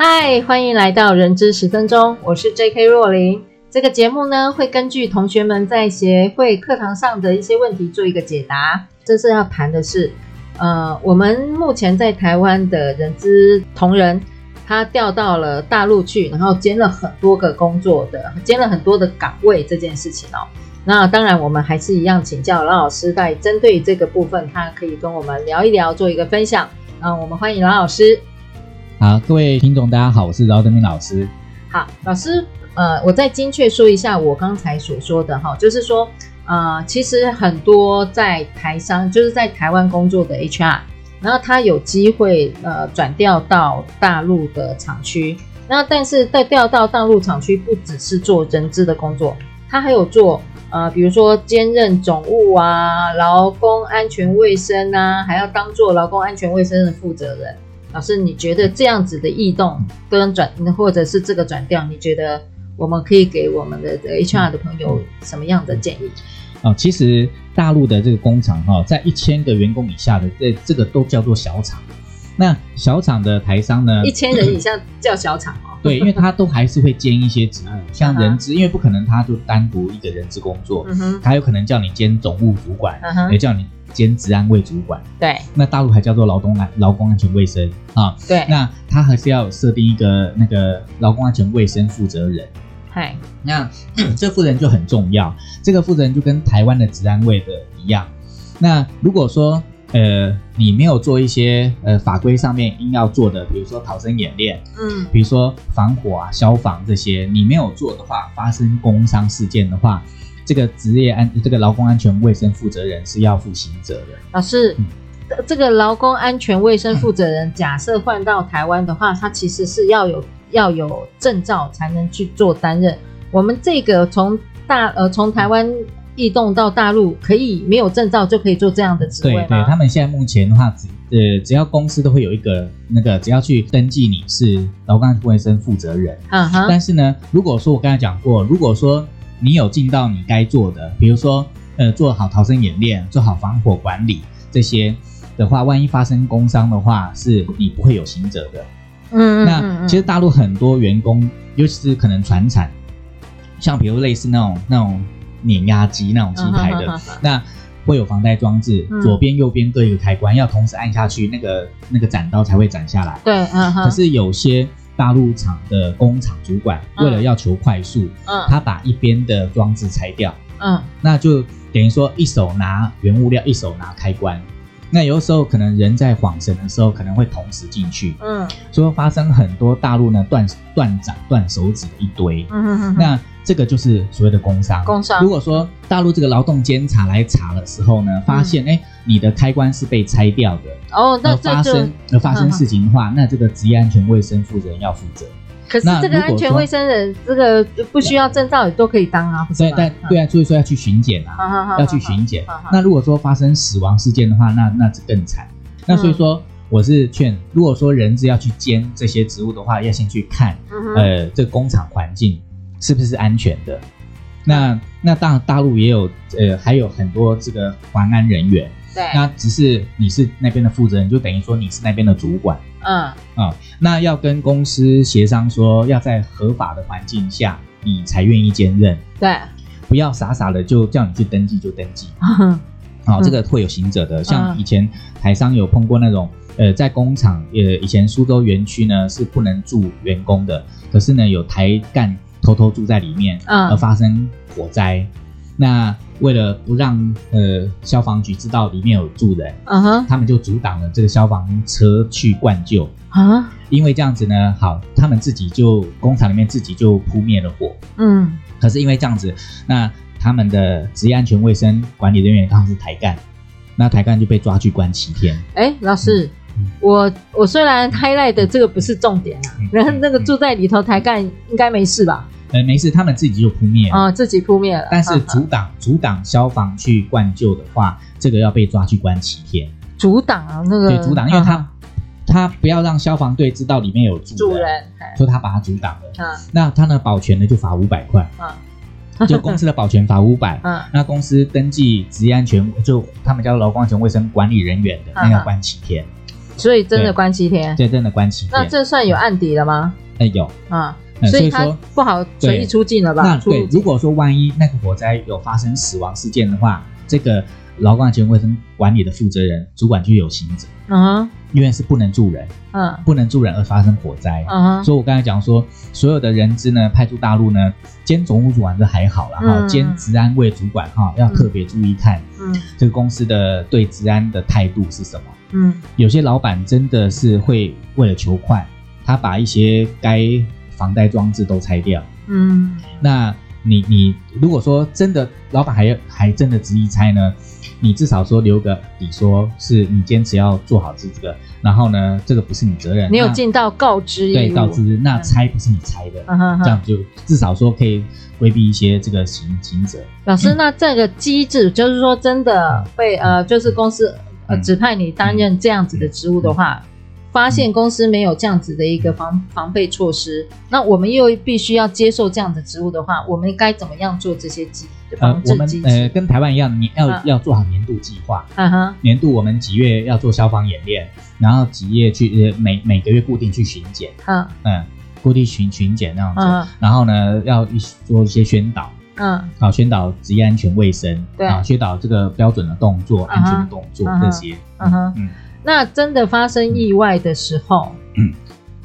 嗨，歡迎來到人資十分鐘，我是 J.K. 若羚。這個節目呢，會根據同學們在協會課堂上的一些問題做一個解答。這次要談的是，呃，我們目前在台灣的人資同仁，他調到了大陸去，然後兼了很多個工作的，兼了很多的崗位這件事情哦。那當然，我們還是一樣請教饒老師，在針對這個部分，他可以跟我們聊一聊，做一個分享。嗯、呃，我們歡迎饒老師。好，各位聽眾，大家好，我是饒德民老師。好，老師，呃，我再精確說一下我剛才所說的哈、哦，就是說，呃，其實很多在台商，就是在台灣工作的 HR，然後他有機會呃轉調到大陸的廠區，那但是在調到大陸廠區，不只是做人資的工作，他還有做呃，比如說兼任總務啊、勞工安全衛生啊，還要當做勞工安全衛生的負責人。老師，你覺得這樣子的異動跟轉，或者是這個轉調，你覺得我們可以給我們的 HR 的朋友什麼樣的建議？啊、嗯嗯嗯哦，其實大陸的這個工廠，哈，在一千個員工以下的，這這個都叫做小廠。那小廠的台商呢？一千人以下叫小廠哦。 對，因為他都還是會兼一些職務，像人資、嗯，因為不可能他就單獨一個人資工作、嗯，他有可能叫你兼總務主管，嗯、也叫你。兼職安衛主管，對，那大陸還叫做勞動安勞工安全衛生啊，對，那他還是要設定一個那個勞工安全衛生負責人，嗨，那、嗯、這負責人就很重要，這個負責人就跟台灣的職安衛的一樣，那如果說呃你沒有做一些呃法規上面應要做的，比如說逃生演練，嗯，比如說防火啊消防這些你沒有做的話，發生工傷事件的話。這個職業安這個勞工安全衛生負責人是要負刑責的。老師，嗯，這個勞工安全衛生負責人，假設換到台灣的話，他其實是要有要有證照才能去做擔任。我們這個從大呃從台灣移動到大陸，可以沒有證照就可以做這樣的職位？對，對，他們現在目前的話，只呃只要公司都會有一個那個，只要去登記你是勞工安全衛生負責人。啊哈，但是呢，如果說我剛才講過，如果說你有盡到你該做的，比如說，呃，做好逃生演練，做好防火管理這些的話，萬一發生工傷的話，是你不會有刑責的。嗯，那嗯嗯其實大陸很多員工，尤其是可能傳產，像比如類似那種那種碾壓機那種機台的、嗯嗯嗯，那會有防呆裝置，嗯、左邊右邊各一個開關，要同時按下去，那個那個斬刀才會斬下來。對，嗯，嗯可是有些。大陸廠的工廠主管為了要求快速，嗯，嗯，他把一邊的裝置拆掉，嗯，那就等於說一手拿原物料，一手拿開關，那有時候可能人在晃神的時候，可能會同時進去，嗯，所以發生很多大陸呢斷斷掌斷手指的一堆，嗯哼哼哼，那這個就是所謂的工傷。工傷。如果說大陸這個勞動監察來查的時候呢，發現哎。嗯你的開關是被拆掉的哦。那、oh, 發生對對而發生事情的話，嗯、那這個職業安全衛生負責人要負責。可是這個安全衛生人，這個不需要證照也都可以當啊。對，對嗯、但對啊，所以說要去巡檢啊好好好好，要去巡檢。那如果說發生死亡事件的話，那那更慘、嗯。那所以說，我是勸，如果說人資要去兼這些職務的話，要先去看，嗯、呃，這個、工廠環境是不是，是安全的？嗯、那那當然，大陸也有呃，還有很多這個環安人員。對，那只是你是那邊的負責人，就等於說你是那邊的主管。嗯啊，那要跟公司協商說，要在合法的環境下，你才願意兼任。對，不要傻傻的就叫你去登記就登記。好、嗯啊，這個會有刑責的，像以前台商有碰過那種，嗯、呃，在工廠，呃，以前蘇州園區呢是不能住員工的，可是呢有台幹偷偷住在裡面，嗯、而發生火災。那為了不讓呃消防局知道裡面有住人，嗯哼，他們就阻擋了這個消防車去灌救啊。Uh -huh. 因為這樣子呢，好，他們自己就工廠裡面自己就撲滅了火，嗯、uh -huh.。可是因為這樣子，那他們的職業安全衛生管理人員剛好是台幹，那台幹就被抓去關七天。哎，老師，嗯、我我雖然 highlight 的這個不是重點啊，嗯、然後那個住在裡頭台幹應該沒事吧？呃，沒事，他們自己就撲滅了啊、哦，自己撲滅了。但是阻擋、啊、阻擋消防去灌救的話，啊、這個要被抓去關七天。阻擋、啊、那個對阻擋、啊，因為他、啊、他不要讓消防隊知道裡面有主人說他把他阻擋了。啊、那他那保全呢？就罰五百塊、啊、就公司的保全罰五百、啊。那公司登記職業安全，就他們叫勞工安全衛生管理人員的、啊、那要、個、關七天。所以真的關七天、嗯、天，對，真的關七天。那這算有案底了嗎？嗯、哎，有啊。嗯、所以說所以不好隨意出境了吧？對，那對，如果說萬一那個火災有發生死亡事件的話，這個勞工安全衛生管理的負責人、主管就有刑責。嗯，因為是不能住人，嗯、uh -huh.，不能住人而發生火災。嗯、uh -huh.，所以我剛才講說，所有的人資呢，派出大陸呢，兼總務主管就還好啦。哈、uh -huh.，兼職安衛主管哈，要特別注意看，嗯，這個公司的對職安的態度是什麼？嗯、uh -huh.，有些老闆真的是會為了求快，他把一些該防呆裝置都拆掉，嗯，那你你如果說真的老闆還要還真的執意拆呢，你至少說留個底，說是你堅持要做好是這個，然後呢，這個不是你責任，你有盡到告知，對，告知，嗯，那拆不是你拆的，嗯，這樣就至少說可以規避一些這個刑刑責。老師，嗯，那這個機制就是說真的被，嗯，呃，就是公司呃，嗯，指派你擔任這樣子的職務的話。嗯嗯嗯嗯發現公司沒有這樣子的一個防防備措施、嗯，那我們又必須要接受這樣的職務的話，我們該怎麼樣做這些基本的防、呃、我們呃跟台灣一樣，年要、啊、要做好年度計劃。嗯、啊、哼，年度我們幾月要做消防演練，然後幾月去、呃、每每個月固定去巡檢。嗯、啊、嗯，固定巡巡檢那樣子，啊、然後呢要做一些宣導。嗯、啊，好，宣導職業安全衛生。對，啊，宣導這個標準的動作、啊、安全的動作這些。嗯、啊、哼，嗯。啊那真的發生意外的時候，嗯，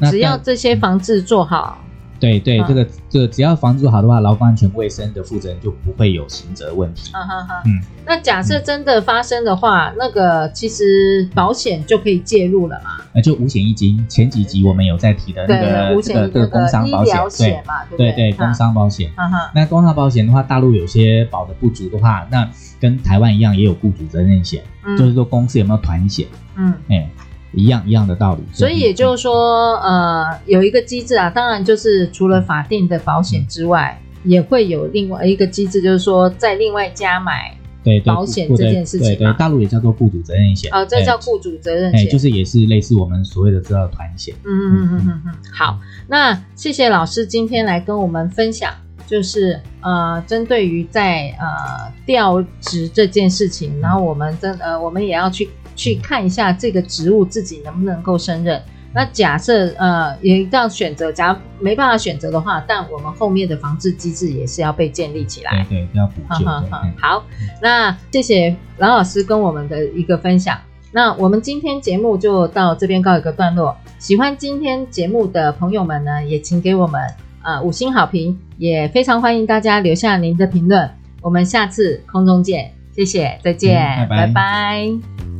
只要這些防治做好。對對，啊、這個這個、只要房租好的話，勞工安全衛生的負責人就不會有刑責問題。哈、啊啊啊、嗯，那假設真的發生的話，嗯、那個其實保險就可以介入了嘛？嗯、就五險一金，前幾集我們有在提的那個對對對、這個、對對對這個工傷保險、那個、對、對、對、對對，啊、工傷保險、啊啊。那工傷保險的話，大陸有些保的不足的話，那跟台灣一樣也有僱主責任險、嗯，就是說公司有沒有團險？嗯，哎、嗯。欸一樣一樣的道理，所以也就是說，呃，有一個機制啊，當然就是除了法定的保險之外，嗯，也會有另外一個機制，就是說在另外加買對保險對對這件事情。對，對，大陸也叫做雇主責任險。哦，這叫雇主責任險。哎，哎，就是也是類似我們所謂的這個團險。嗯哼哼哼哼嗯嗯嗯嗯嗯。好，那謝謝老師今天來跟我們分享，就是呃，針對於在呃調職這件事情，然後我們真呃，我們也要去。去看一下這個職務，自己能不能夠勝任。那假設呃，也要選擇，假如沒辦法選擇的話，但我們後面的防治機制也是要被建立起來。對對，要補。好好好，好好，那謝謝饒老、老師跟我們的一個分享。那我們今天節目就到這邊告一個段落。喜歡今天節目的朋友們呢，也請給我們啊、呃、五星好評，也非常歡迎大家留下您的評論。我們下次空中見，謝謝，再見，嗯、拜拜。拜拜。